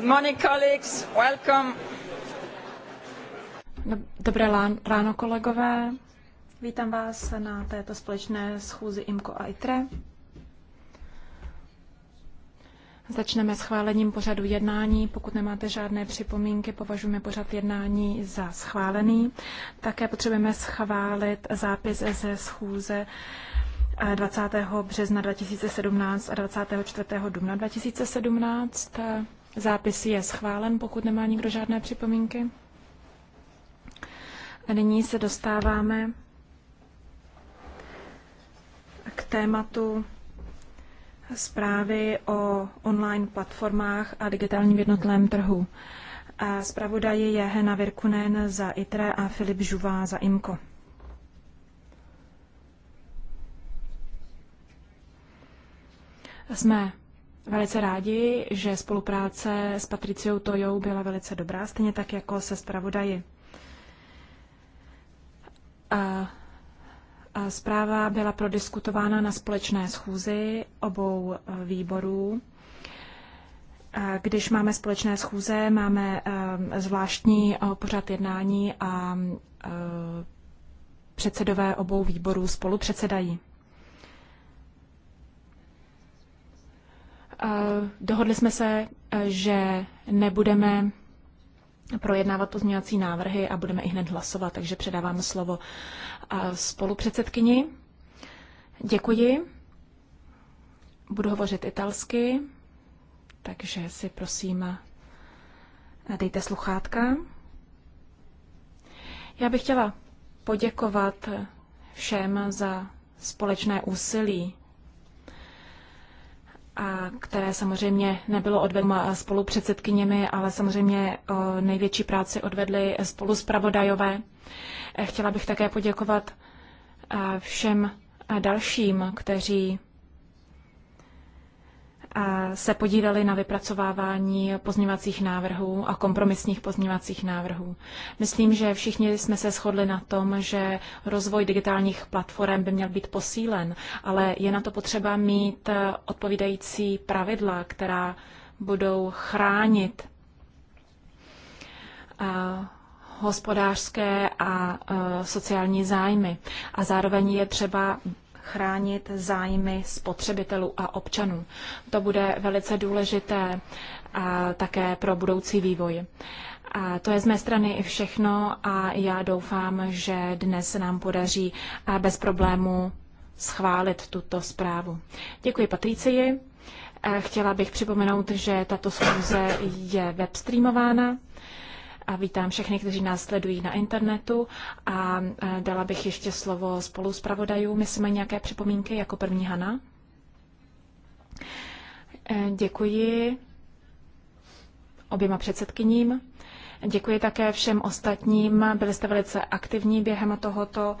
Good morning, colleagues. Welcome. No, dobré ráno, kolegové. Vítám vás na této společné schůzi IMCO a ITRE. Začneme schválením pořadu jednání. Pokud nemáte žádné připomínky, považujeme pořad jednání za schválený. Také potřebujeme schválit zápis ze schůze 20. Eh, března 2017 a 24. dubna 2017. Zápis je schválen, pokud nemá nikdo žádné připomínky. A nyní se dostáváme k tématu zprávy o online platformách a digitálním jednotlém trhu. Zpravodaji je Hena Virkunen za ITRE a Filip Žuvá za IMKO. Jsme velice rádi, že spolupráce s Patriciou Tojou byla velice dobrá, stejně tak jako se zpravodaji. A Zpráva byla prodiskutována na společné schůzi obou e, výborů. Když máme společné schůze, máme e, zvláštní e, pořad jednání a předsedové obou výborů spolu předsedají. dohodli jsme se, e, že nebudeme projednávat pozměňovací návrhy a budeme i hned hlasovat, takže předávám slovo e, spolupředsedkyni. Děkuji. Budu hovořit italsky, takže si prosím e, dejte sluchátka. Já bych chtěla poděkovat všem za společné úsilí které samozřejmě nebylo odvedeno spolu předsedkyněmi, ale samozřejmě eh, největší práci odvedli spolu zpravodajové. Eh, chtěla bych také poděkovat eh, všem dalším, kteří se podíleli na vypracovávání pozměňovacích návrhů a kompromisních pozměňovacích návrhů. Myslím, že všichni jsme se shodli na tom, že rozvoj digitálních platform by měl být posílen, ale je na to potřeba mít odpovídající pravidla, která budou chránit eh, hospodářské a eh, sociální zájmy. A zároveň je třeba chránit zájmy spotřebitelů a občanů. To bude velice důležité a také pro budoucí vývoj. A to je z mé strany i všechno a já doufám, že dnes nám podaří bez problému schválit tuto zprávu. Děkuji Patricii. Chtěla bych připomenout, že tato schůze je webstreamována a vítám všechny, kteří nás sledují na internetu a e, dala bych ještě slovo spolu s pravodajů. My jsme nějaké připomínky jako první Hana. E, děkuji oběma předsedkyním. Děkuji také všem ostatním. Byli jste velice aktivní během tohoto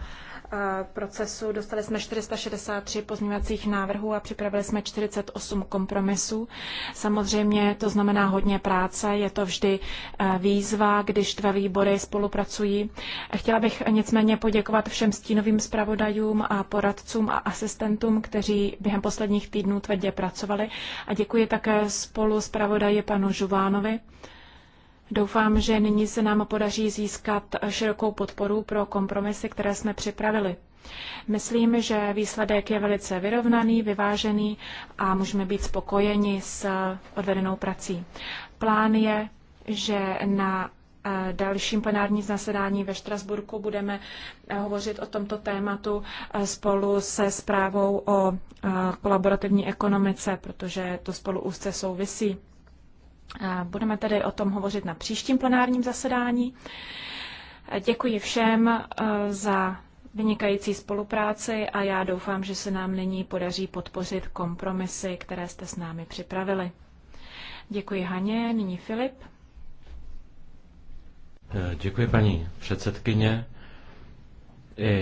Eh, procesu. Dostali jsme 463 pozměňovacích návrhů a připravili jsme 48 kompromisů. Samozřejmě to znamená hodně práce, je to vždy eh, výzva, když dva výbory spolupracují. Chtěla bych nicméně poděkovat všem stínovým zpravodajům a poradcům a asistentům, kteří během posledních týdnů tvrdě pracovali. A děkuji také spolu zpravodaji panu Žuvánovi. Doufám, že nyní se nám podaří získat širokou podporu pro kompromisy, které jsme připravili. Myslím, že výsledek je velice vyrovnaný, vyvážený a můžeme být spokojeni s eh, odvedenou prací. Plán je, že na eh, dalším plenárním zasedání ve Štrasburku budeme eh, hovořit o tomto tématu spolu se zprávou o kolaborativní ekonomice, protože to spolu úzce souvisí. Budeme tedy o tom hovořit na příštím plenárním zasedání. Děkuji všem e, za vynikající spolupráci a já doufám, že se nám nyní podaří podpořit kompromisy, které jste s námi připravili. Děkuji Haně, nyní Filip. E, děkuji paní předsedkyně. I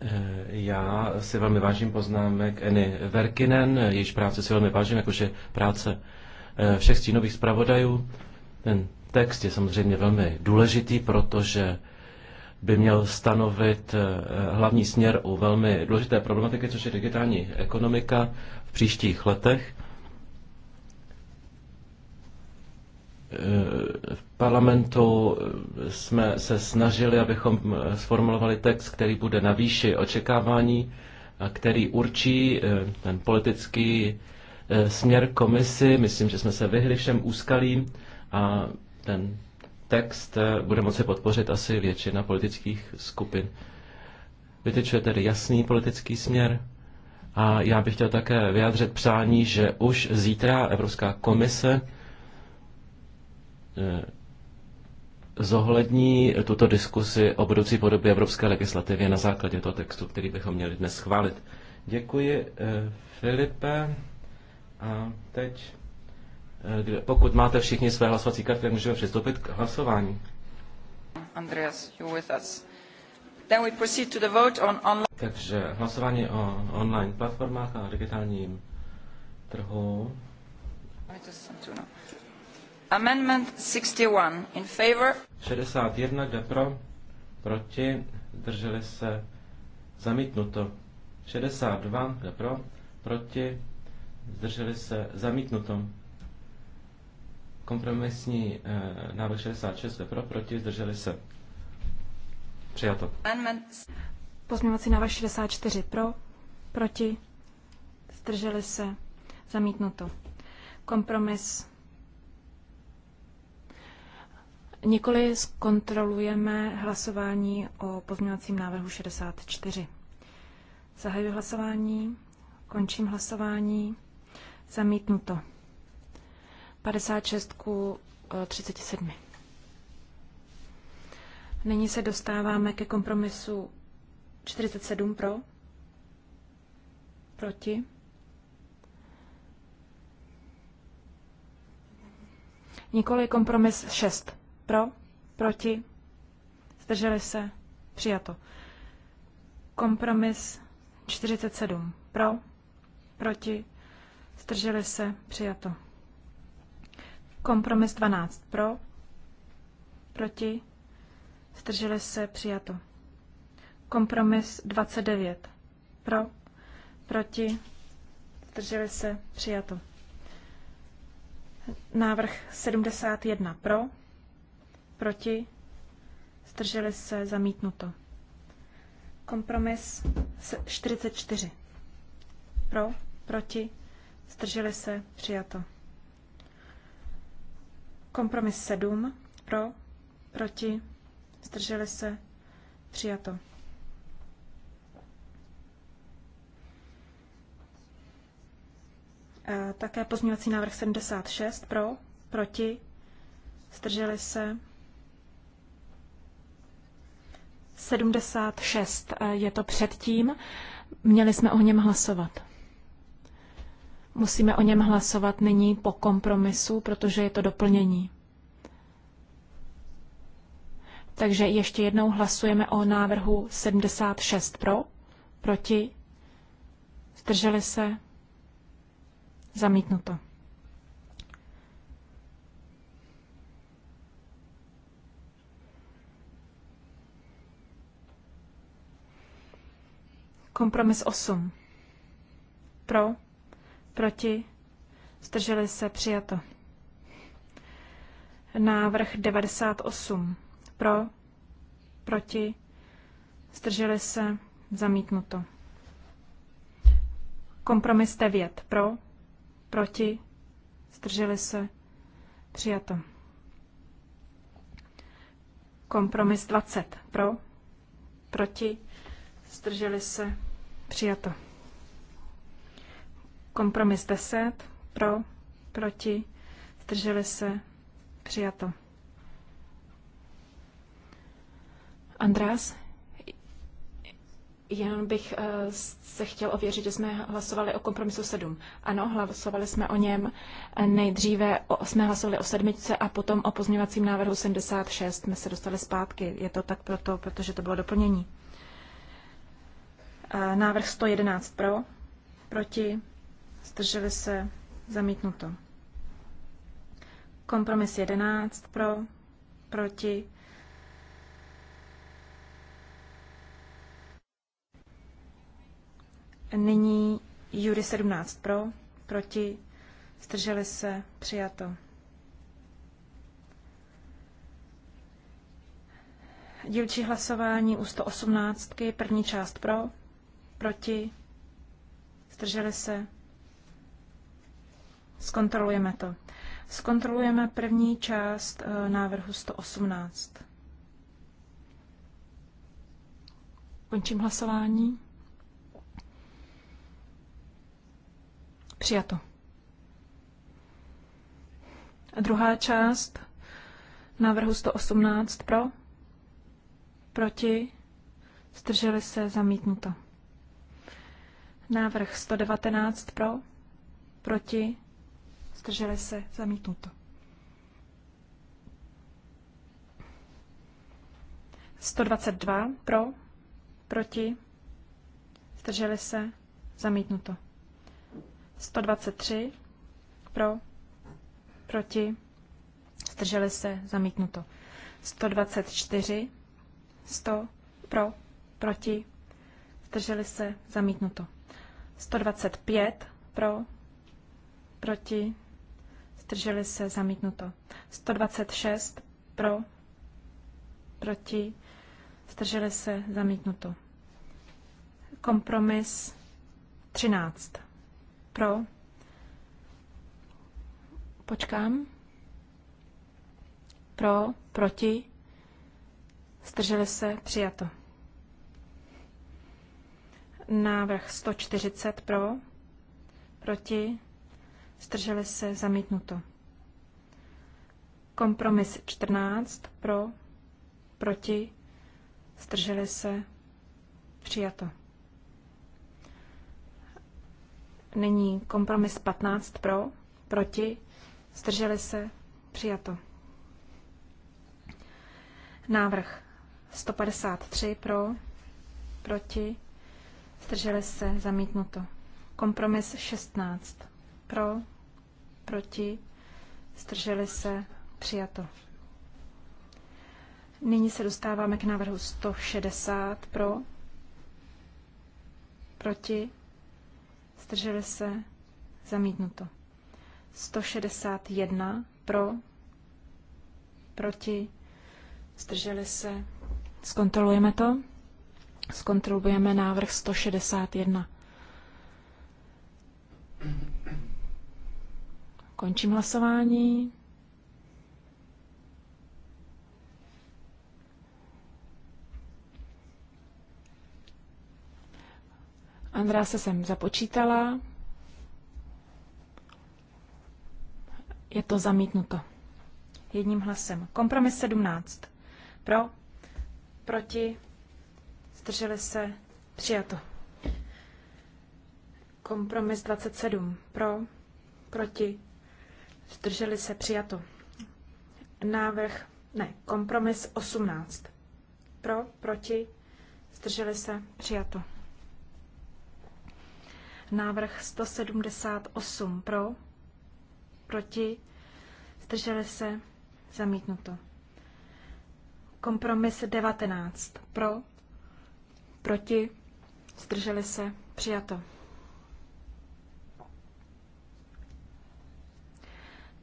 e, já si velmi vážím poznámek Eny Verkinen, jejíž práce si velmi vážím, jakože práce Eh, všech stínových zpravodajů. Ten text je samozřejmě velmi důležitý, protože by měl stanovit eh, hlavní směr u velmi důležité problematiky, což je digitální ekonomika v příštích letech. Eh, v parlamentu jsme se snažili, abychom sformulovali text, který bude na výši očekávání a který určí ten politický Eh, směr komisi. Myslím, že jsme se vyhli všem úskalím a ten text eh, bude moci podpořit asi většina politických skupin. Vytyčuje tedy jasný politický směr a já bych chtěl také vyjádřit přání, že už zítra Evropská komise eh, zohlední tuto diskusi o budoucí podobě evropské legislativy na základě toho textu, který bychom měli dnes schválit. Děkuji, Filipe. A teď, eh, pokud máte všichni své hlasovací karty, můžeme přistoupit k hlasování. Andreas, you with us. Then we proceed to the vote on online. Takže hlasování o online platformách a digitálním trhu. Amendment 61 in favor. 61 jde pro, proti, drželi se, zamítnuto. 62 jde pro, proti, zdrželi se zamítnutom Kompromisní eh, návrh 66 pro, proti, zdrželi se přijato. Pozměňovací návrh 64 pro, proti, zdrželi se zamítnuto. Kompromis Nikoli zkontrolujeme hlasování o pozměňovacím návrhu 64. Zahajuji hlasování, končím hlasování. Zamítnuto. 56 ku 37. Eh, Nyní se dostáváme ke kompromisu 47 pro, proti. Nikoli kompromis 6 pro, proti, zdrželi se, přijato. Kompromis 47 pro, proti, Zdrželi se? Přijato. Kompromis 12 pro, proti, zdrželi se, přijato. Kompromis 29 pro, proti, zdrželi se, přijato. Návrh 71 pro, proti, zdrželi se, zamítnuto. Kompromis 44 pro, proti, Zdrželi se? Přijato. Kompromis 7. Pro? Proti? Zdrželi se? Přijato. Také pozměňovací návrh 76 pro, proti, zdrželi se. 76 je to předtím, měli jsme o něm hlasovat. Musíme o něm hlasovat nyní po kompromisu, protože je to doplnění. Takže ještě jednou hlasujeme o návrhu 76 pro, proti, zdrželi se, zamítnuto. Kompromis 8. Pro, Proti? Zdrželi se přijato. Návrh 98. Pro? Proti? Zdrželi se zamítnuto. Kompromis 9. Pro? Proti? Zdrželi se přijato. Kompromis 20. Pro? Proti? Zdrželi se přijato. Kompromis 10 pro, proti, zdrželi se, přijato. András, jenom bych eh, se chtěl ověřit, že jsme hlasovali o kompromisu 7. Ano, hlasovali jsme o něm. Nejdříve jsme hlasovali o sedmičce a potom o pozměňovacím návrhu 76 jsme se dostali zpátky. Je to tak proto, protože to bylo doplnění. Eh, návrh 111 pro, proti, zdrželi se, zamítnuto. Kompromis 11 pro, proti, Nyní Jury 17 pro, proti, zdrželi se, přijato. Dílčí hlasování u 118, první část pro, proti, zdrželi se, Zkontrolujeme to. Zkontrolujeme první část eh, návrhu 118. Končím hlasování. Přijato. A druhá část návrhu 118 pro, proti, zdrželi se, zamítnuto. Návrh 119 pro, proti, zdrželi se, zamítnuto. 122 pro, proti, zdrželi se, zamítnuto. 123 pro, proti, zdrželi se, zamítnuto. 124, sto pro, proti, zdrželi se, zamítnuto. 125 pro, proti, zdrželi se, zamítnuto. 126 pro, proti, zdrželi se, zamítnuto. Kompromis 13 pro, počkám, pro, proti, zdrželi se, přijato. Návrh 140 pro, proti, Zdrželi se zamítnuto. Kompromis 14 pro, proti, zdrželi se přijato. Nyní kompromis 15 pro, proti, zdrželi se přijato. Návrh 153 pro, proti, zdrželi se zamítnuto. Kompromis 16 pro, proti, zdrželi se, přijato. Nyní se dostáváme k návrhu 160 pro, proti, zdrželi se, zamítnuto. 161 pro, proti, zdrželi se. Zkontrolujeme to. Zkontrolujeme návrh 161. Končím hlasování. Andrá se sem započítala. Je to zamítnuto. Jedním hlasem. Kompromis 17. Pro, proti, zdrželi se, přijato. Kompromis 27. Pro, proti, Zdrželi se přijato. Návrh, ne, kompromis 18. Pro, proti, zdrželi se přijato. Návrh 178 pro, proti, zdrželi se zamítnuto. Kompromis 19 pro, proti, zdrželi se přijato.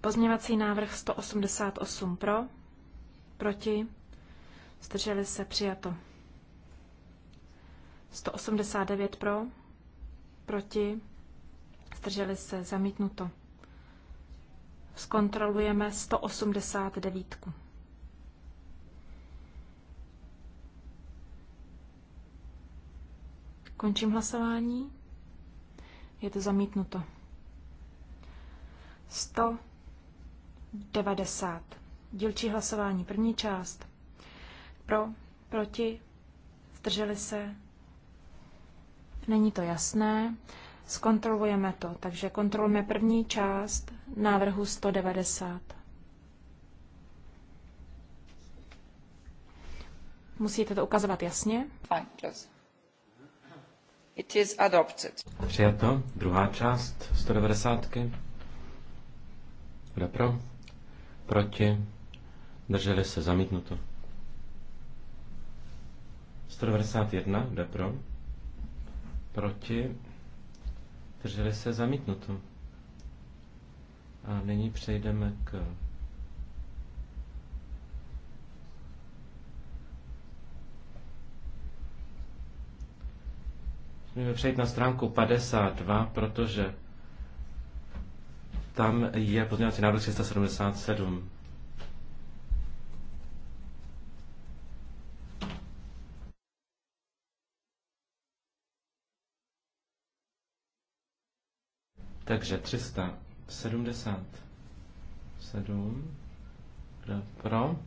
Pozměňovací návrh 188 pro, proti, zdrželi se přijato. 189 pro, proti, zdrželi se zamítnuto. Zkontrolujeme 189. Končím hlasování. Je to zamítnuto. 100 90. Dílčí hlasování. První část. Pro, proti, zdrželi se. Není to jasné. Zkontrolujeme to. Takže kontrolujeme první část návrhu 190. Musíte to ukazovat jasně. It is adopted. Přijato. Druhá část 190. Kdo pro? Proti? Drželi se zamítnuto. 191, jde pro. Proti? Drželi se zamítnuto. A nyní přejdeme k Můžeme přejít na stránku 52, protože tam je pozměňovací návrh 377. Takže 377 pro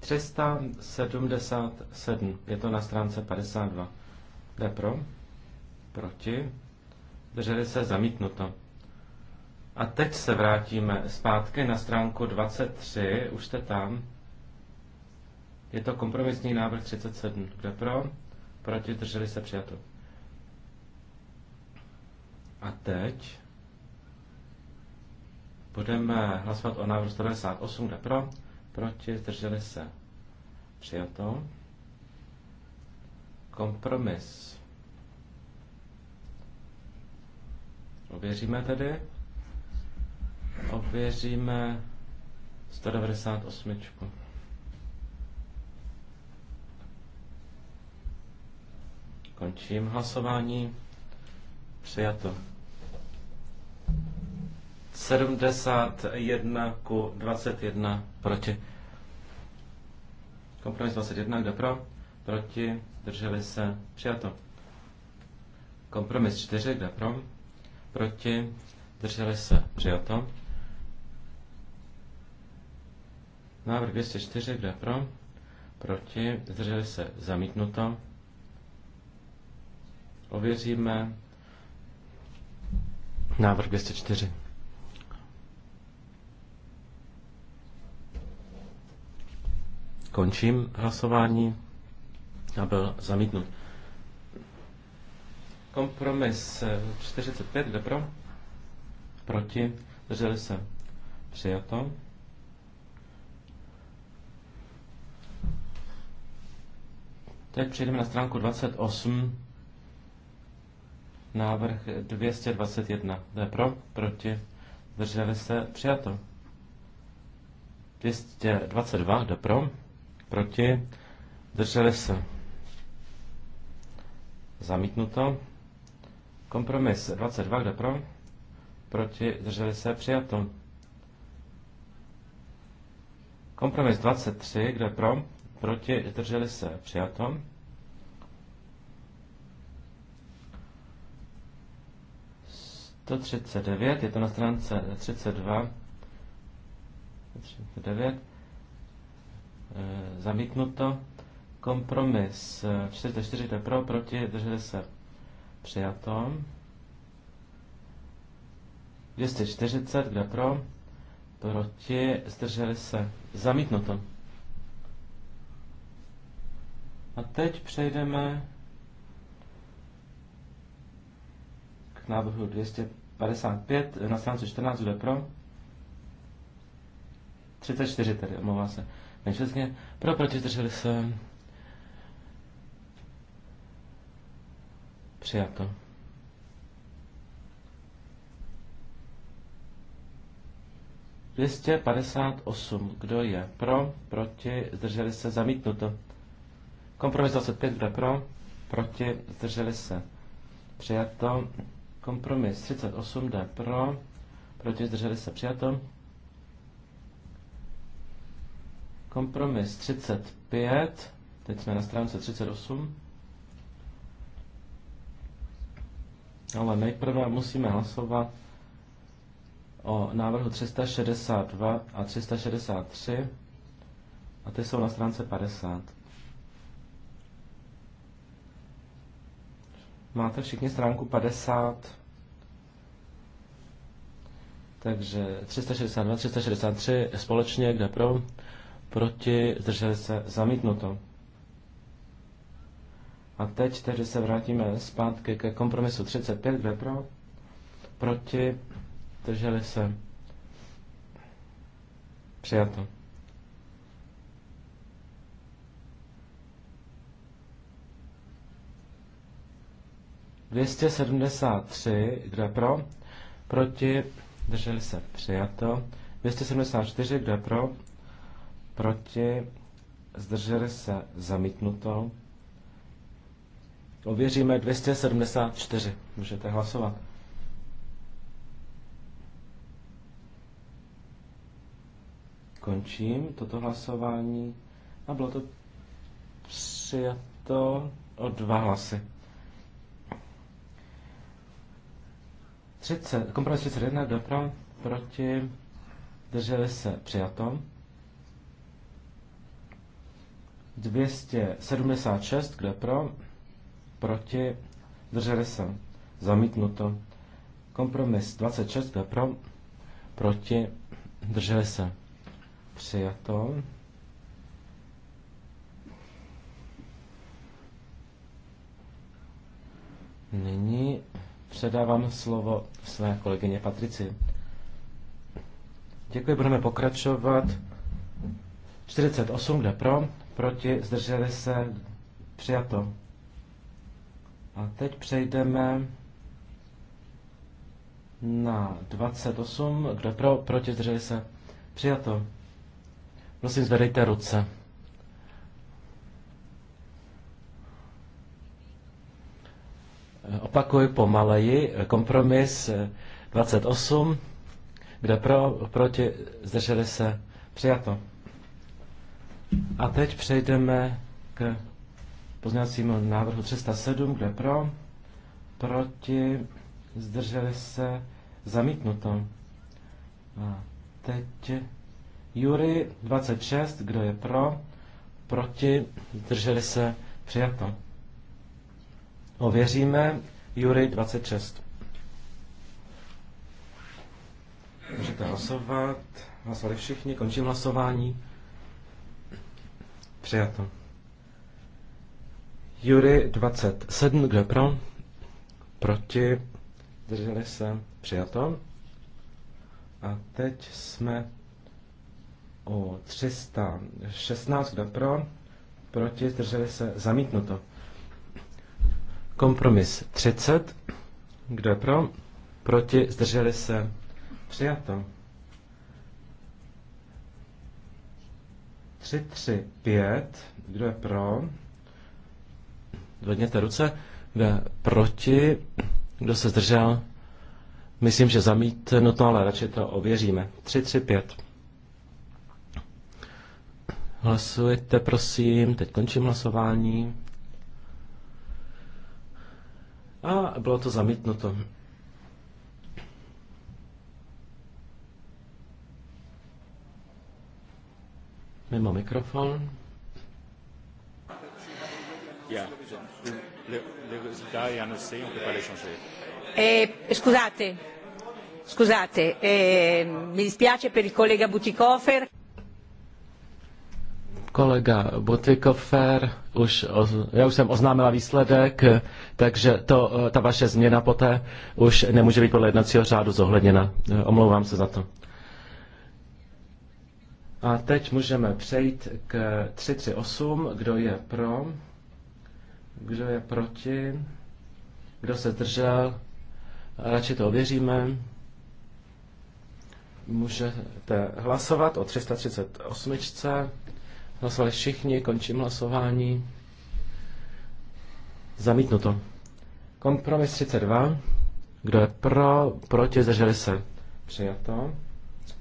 377, je to na stránce 52. Jde pro, proti, drželi se zamítnuto. A teď se vrátíme zpátky na stránku 23, už jste tam. Je to kompromisní návrh 37. Kdo pro? Proti drželi se přijato. A teď budeme hlasovat o návrhu 198. Kdo pro? Proti drželi se přijato. Kompromis. Ověříme tedy. Ověříme 198. Končím hlasování. Přijato. 71 ku 21 proti. Kompromis 21, kdo pro? Proti, drželi se, přijato. Kompromis 4, kdo pro? Proti, drželi se, přijato. Návrh 204, kde pro? Proti. Zdrželi se zamítnuto. Ověříme. Návrh 204. Končím hlasování a byl zamítnut. Kompromis 45, kde pro? Proti. Zdrželi se. Přijato. Teď přejdeme na stránku 28, návrh 221. To je pro, proti, zdrželi se, přijato. 222, jde pro, proti, zdrželi se. Zamítnuto. Kompromis 22, kde pro, proti, zdrželi se, přijato. Kompromis 23, kde pro, proti, drželi se, přijato. To 39, je to na stránce 32, 39, e, zamítnuto, kompromis 44, eh, to je pro, proti, drželi se, přijato. 240, kde pro, proti, zdrželi se, zamítnuto. A teď přejdeme k návrhu 255 na stránce 14, kde pro? 34 tedy, omlouvá se. Nejčastně pro, proti, drželi se. Přijato. Dvěstě padesát osm. Kdo je pro, proti, zdrželi se, zamítnuto. Kompromis 25, kdo pro? Proti, zdrželi se. Přijato. Kompromis 38, kdo pro? Proti, zdrželi se. Přijato. Kompromis 35, teď jsme na stránce 38. Ale nejprve musíme hlasovat o návrhu 362 a 363 a ty jsou na stránce 50. Máte všichni stránku 50. Takže 362, 363 společně, kde pro, proti, zdrželi se, zamítnuto. A teď tedy se vrátíme zpátky ke kompromisu 35, kde pro, proti, zdrželi se, přijato. 273, kdo je pro, proti, drželi se přijato. 274, kdo je pro, proti, zdrželi se zamítnuto. Ověříme 274. Můžete hlasovat. Končím toto hlasování a bylo to přijato o dva hlasy. 30, kompromis 31 jde pro, proti, drželi se přijato. 276, kde pro, proti, drželi se zamítnuto. Kompromis 26, kde pro, proti, drželi se přijato. Nyní Předávám slovo své kolegyně Patrici. Děkuji, budeme pokračovat. 48 jde pro, proti, zdrželi se, přijato. A teď přejdeme na 28, kdo pro, proti, zdrželi se, přijato. Prosím, zvedejte ruce. Opakuji pomaleji. Kompromis 28. Eh, Kde pro, proti, zdrželi se. Přijato. A teď přejdeme k pozměňovacímu návrhu 307. Kde pro, proti, zdrželi se. Zamítnuto. A teď Jury 26. Kdo je pro, proti, zdrželi se. Přijato. Ověříme Jury 26. Můžete hlasovat. Hlasovali všichni. Končím hlasování. Přijato. Jury 27. Kdo pro? Proti. Drželi se. Přijato. A teď jsme o 316. Kdo pro? Proti. drželi se. Zamítnuto. Kompromis 30. Kdo je pro? Proti? Zdrželi se? Přijato. 3, 3, 5. Kdo je pro? Zvedněte ruce. Kdo je proti? Kdo se zdržel? Myslím, že zamítnuto, ale radši to ověříme. 3, 3, 5. Hlasujte, prosím. Teď končím hlasování a bylo to zamítnuto. Mimo mikrofon. Eh, scusate, scusate, eh, mi dispiace per il collega Butikofer. Kolega Butikofer, už, já už jsem oznámila výsledek, takže to, eh, ta vaše změna poté už nemůže být podle jednacího řádu zohledněna. Eh, omlouvám se za to. A teď můžeme přejít k 338. Kdo je pro? Kdo je proti? Kdo se zdržel? Radši to ověříme. Můžete hlasovat o 338. Hlasovali všichni, končím hlasování. Zamítnuto. Kompromis 32. Kdo je pro, proti, zdrželi se. Přijato.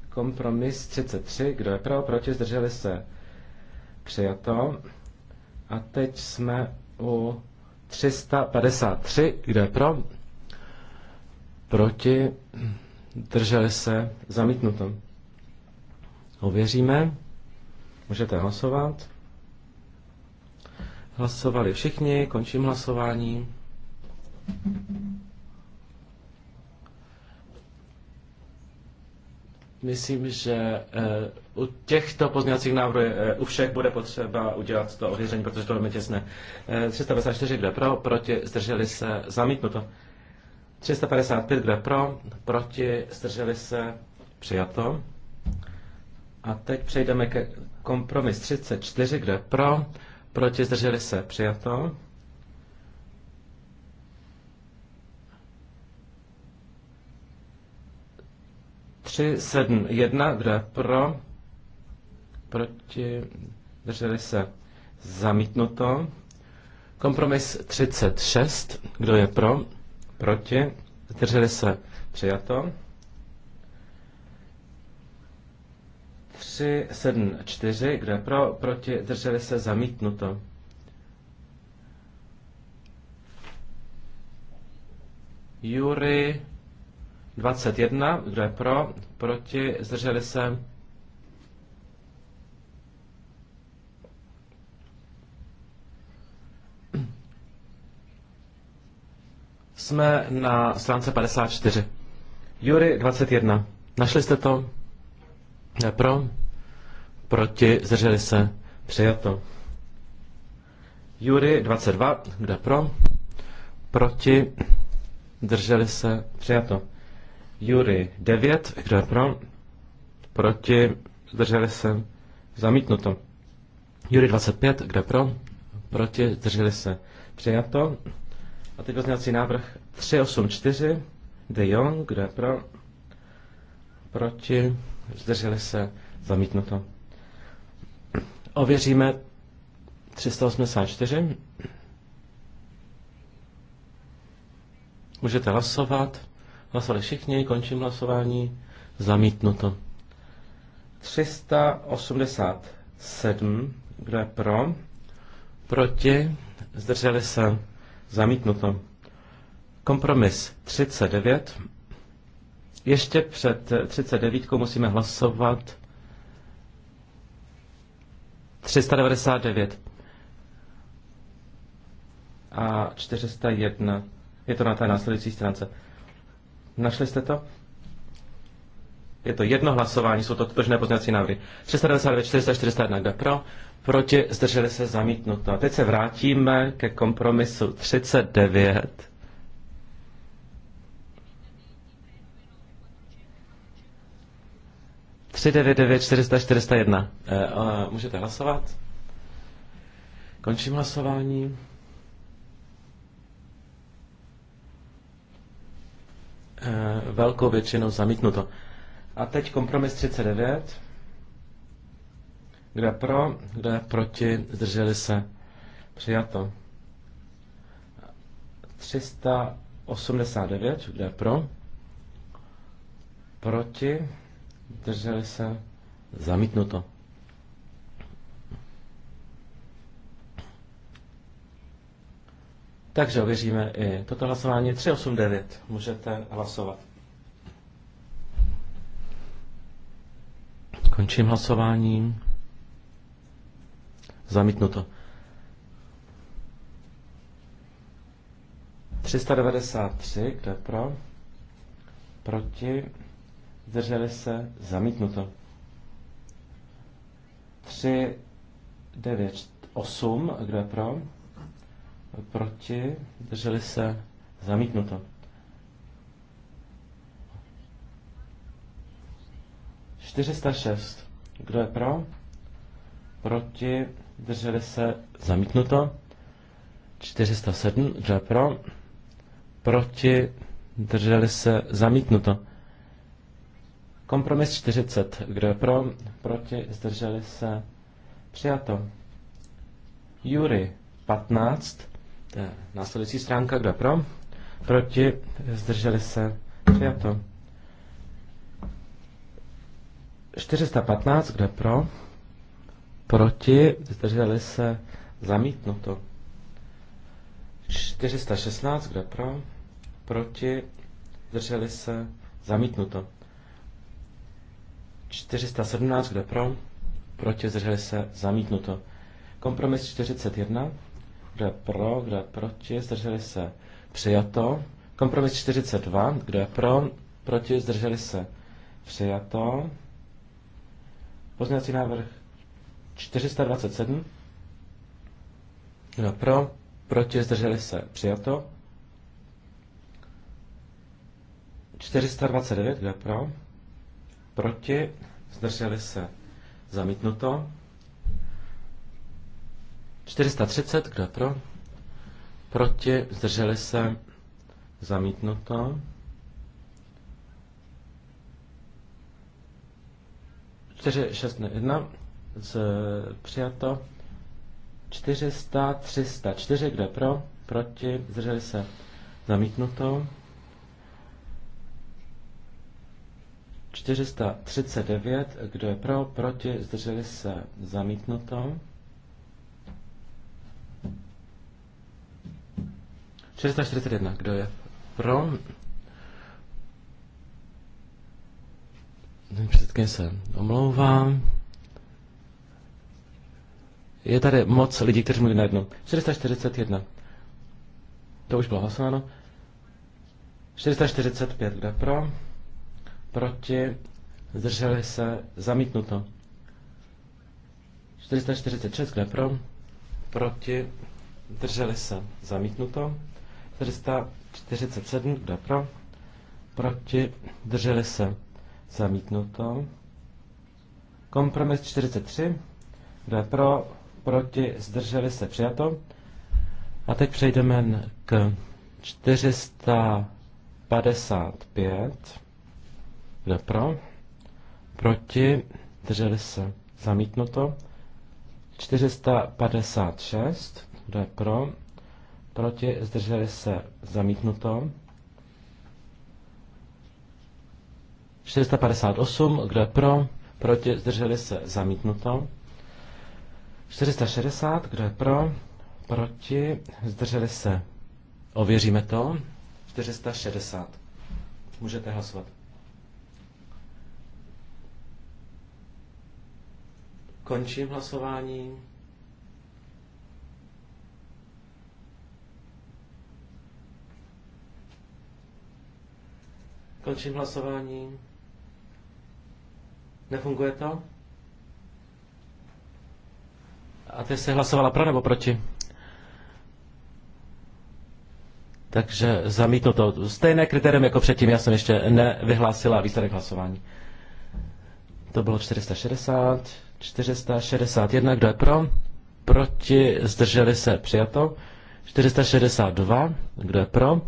Kompromis 33. Kdo je pro, proti, zdrželi se. Přijato. A teď jsme u 353. Kdo je pro, proti, drželi se. Zamítnuto. Ověříme. Můžete hlasovat. Hlasovali všichni, končím hlasování. Myslím, že eh, u těchto pozměňovacích návrhů eh, u všech bude potřeba udělat to ověření, protože to velmi těsné. 354, eh, kdo pro, proti, zdrželi se, zamítnuto. 355, kdo pro, proti, zdrželi se, přijato. A teď přejdeme ke kompromis 34, kde pro, proti zdrželi se přijato. Tři, sedm, jedna, je pro, proti, drželi se zamítnuto. Kompromis 36, kdo je pro, proti, drželi se přijato. 3, 7, 4, kde pro, proti, drželi se zamítnuto. Jury 21, kdo je pro, proti, zdrželi se. Jsme na stránce 54. Jury 21. Našli jste to? Pro? Proti? Zdrželi se? Přijato. Jury 22. Kde pro? Proti? Zdrželi se? Přijato. Jury 9. Kdo pro? Proti? Zdrželi se? Zamítnuto. Jury 25. Kdo pro? Proti? Zdrželi se? Přijato. A teď pozměňovací návrh 384. De Jong. Kdo pro? Proti? zdrželi se, zamítnuto. Ověříme 384. Můžete hlasovat. Hlasovali všichni, končím hlasování. Zamítnuto. 387. Kdo je pro? Proti? Zdrželi se? Zamítnuto. Kompromis 39. Ještě před 39 musíme hlasovat 399 a 401. Je to na té následující stránce. Našli jste to? Je to jedno hlasování, jsou to totožné pozměňovací návrhy. 399, 441, 401, pro? Proti, zdrželi se zamítnuto. A teď se vrátíme ke kompromisu 39 399 400 401. Můžete hlasovat. Končím hlasování. Eh, velkou většinou zamítnuto. A teď kompromis 39. Kdo je pro, kdo je proti, zdrželi se. Přijato. 389, kdo je pro, proti, Drželi se? Zamítnuto. Takže ověříme i toto hlasování 389. Můžete hlasovat. Končím hlasování. Zamítnuto. 393, kde pro? Proti? zdrželi se, zamítnuto. 3, 9, 8, kdo je pro, proti, zdrželi se, zamítnuto. 406, kdo je pro, proti, drželi se, zamítnuto. 407, kdo je pro, proti, drželi se zamítnuto. Kompromis 40. Kdo je pro? Proti? Zdrželi se? Přijato. Jury 15. To je následující stránka. Kdo je pro? Proti? Zdrželi se? Přijato. 415. Kdo je pro? Proti? Zdrželi se? Zamítnuto. 416. Kdo je pro? Proti? Zdrželi se? Zamítnuto. 417, kde pro, proti, zdrželi se, zamítnuto. Kompromis 41, kde pro, kde proti, zdrželi se, přijato. Kompromis 42, kde pro, proti, zdrželi se, přijato. Pozměňovací návrh 427, kde pro, proti, zdrželi se, přijato. 429, kde pro, proti, zdrželi se zamítnuto. 430, kdo pro, proti, zdrželi se zamítnuto. 4, 6, 1, z, přijato. 400, 304, kdo pro, proti, zdrželi se zamítnutou. 439, kdo je pro, proti, zdrželi se, zamítnuto. 441, kdo je pro? Předtím se omlouvám. Je tady moc lidí, kteří mluví najednou. 441. To už bylo hlasováno. 445, kdo je pro? proti, zdrželi se, zamítnuto. 446, kde pro, proti, zdrželi se, zamítnuto. 447, kde pro, proti, zdrželi se, zamítnuto. Kompromis 43, kde pro, proti, zdrželi se, přijato. A teď přejdeme k 455. Kdo pro? Proti? Drželi se. Zamítnuto. 456. Kdo je pro? Proti? Zdrželi se. Zamítnuto. 458. Kdo je pro? Proti? Zdrželi se. Zamítnuto. 460. Kdo je pro? Proti? Zdrželi se. Ověříme to. 460. Můžete hlasovat. Končím hlasování. Končím hlasování. Nefunguje to? A ty jsi hlasovala pro nebo proti? Takže zamítnu to. Stejné kritérium jako předtím, já jsem ještě nevyhlásila výsledek hlasování. To bylo 460. 461, kdo je pro? Proti, zdrželi se, přijato. 462, kdo je pro?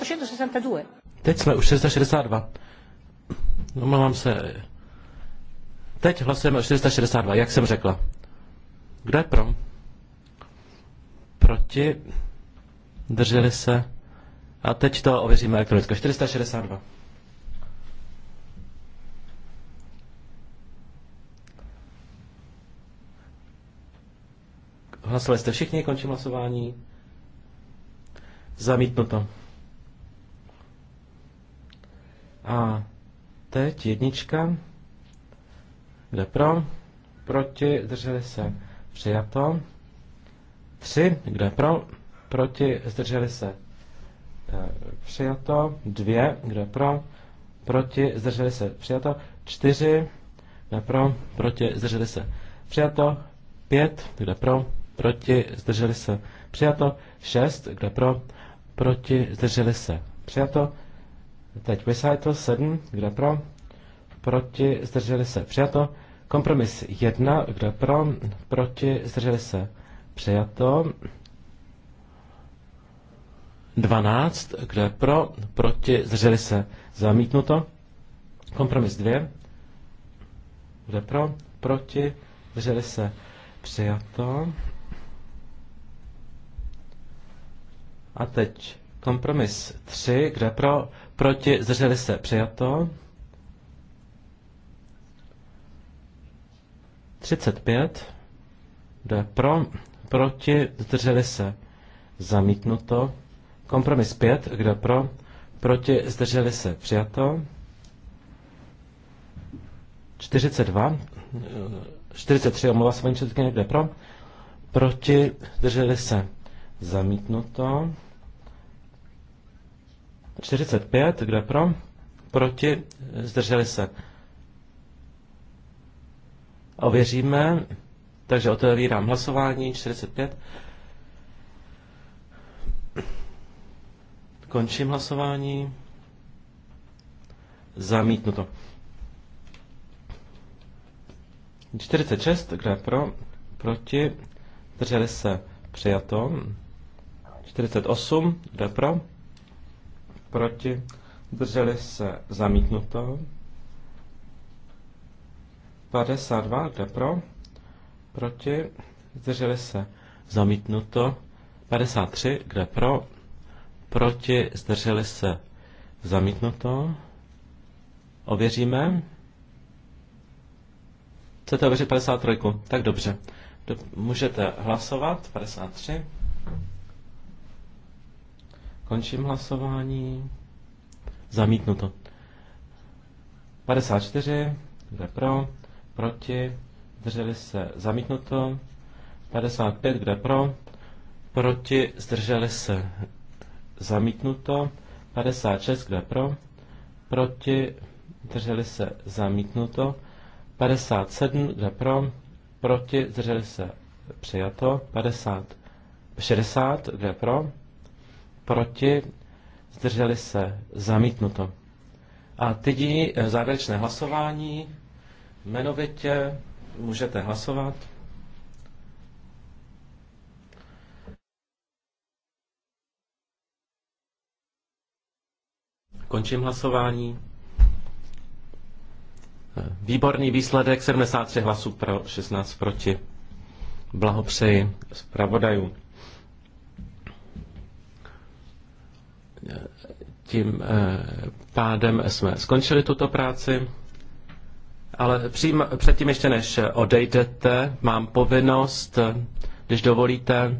462. Teď jsme u 462. mám se. Teď hlasujeme o 462, jak jsem řekla. Kdo je pro? Proti? Drželi se? A teď to ověříme elektronicky. 462. Hlasovali jste všichni, končím hlasování. Zamítnuto. A teď jednička. Kde pro? Proti, drželi se Přijato. 3. Eh, kdo je pro? Proti? Zdrželi se? Přijato. 2. Kdo je pro? Proti? Zdrželi se? Přijato. 4. Kdo je pro? Proti? Zdrželi se? Přijato. 5. Kdo je pro? Proti? Zdrželi se? Přijato. 6. Kdo je pro? Proti? Zdrželi se? Přijato. Teď recital 7. Kdo je pro? Proti? Zdrželi se? Přijato. Kompromis 1, kdo pro, proti, zdrželi se, přijato. 12, kdo je pro, proti, zdrželi se, zamítnuto. Kompromis 2, kdo je pro, proti, zdrželi se, přijato. A teď kompromis 3, kdo je pro, proti, zdrželi se, přijato. 35, kdo je pro, proti, zdrželi se, zamítnuto. Kompromis 5, kdo je pro, proti, zdrželi se, přijato. 42, 43, omlouvá se paní předsedkyně, kdo je pro, proti, zdrželi se, zamítnuto. 45, kdo je pro, proti, zdrželi se, ověříme. Takže otevírám hlasování 45. Končím hlasování. Zamítnuto. 46, kdo je pro? Proti? Drželi se přijato. 48, kdo je pro? Proti? Drželi se zamítnuto. 52, jde pro, proti, zdrželi se zamítnuto. 53, kde pro, proti, zdrželi se zamítnuto. Ověříme. Chcete ověřit 53? Tak dobře. Můžete hlasovat. 53. Končím hlasování. Zamítnuto. 54. kde pro? proti, zdrželi se zamítnuto, 55, kde pro, proti, zdrželi se zamítnuto, 56, kde pro, proti, zdrželi se zamítnuto, 57, kde pro, proti, zdrželi se přijato, 50, 60, kde pro, proti, zdrželi se zamítnuto. A teď závěrečné hlasování. Jmenovitě můžete hlasovat. Končím hlasování. Výborný výsledek, 73 hlasů pro, 16 proti. Blahopřeji zpravodajům. Tím eh, pádem jsme skončili tuto práci. Ale přím, předtím ještě než odejdete, mám povinnost, když dovolíte,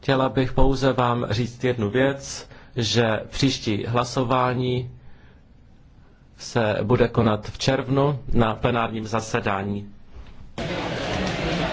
chtěla bych pouze vám říct jednu věc, že příští hlasování se bude konat v červnu na plenárním zasedání.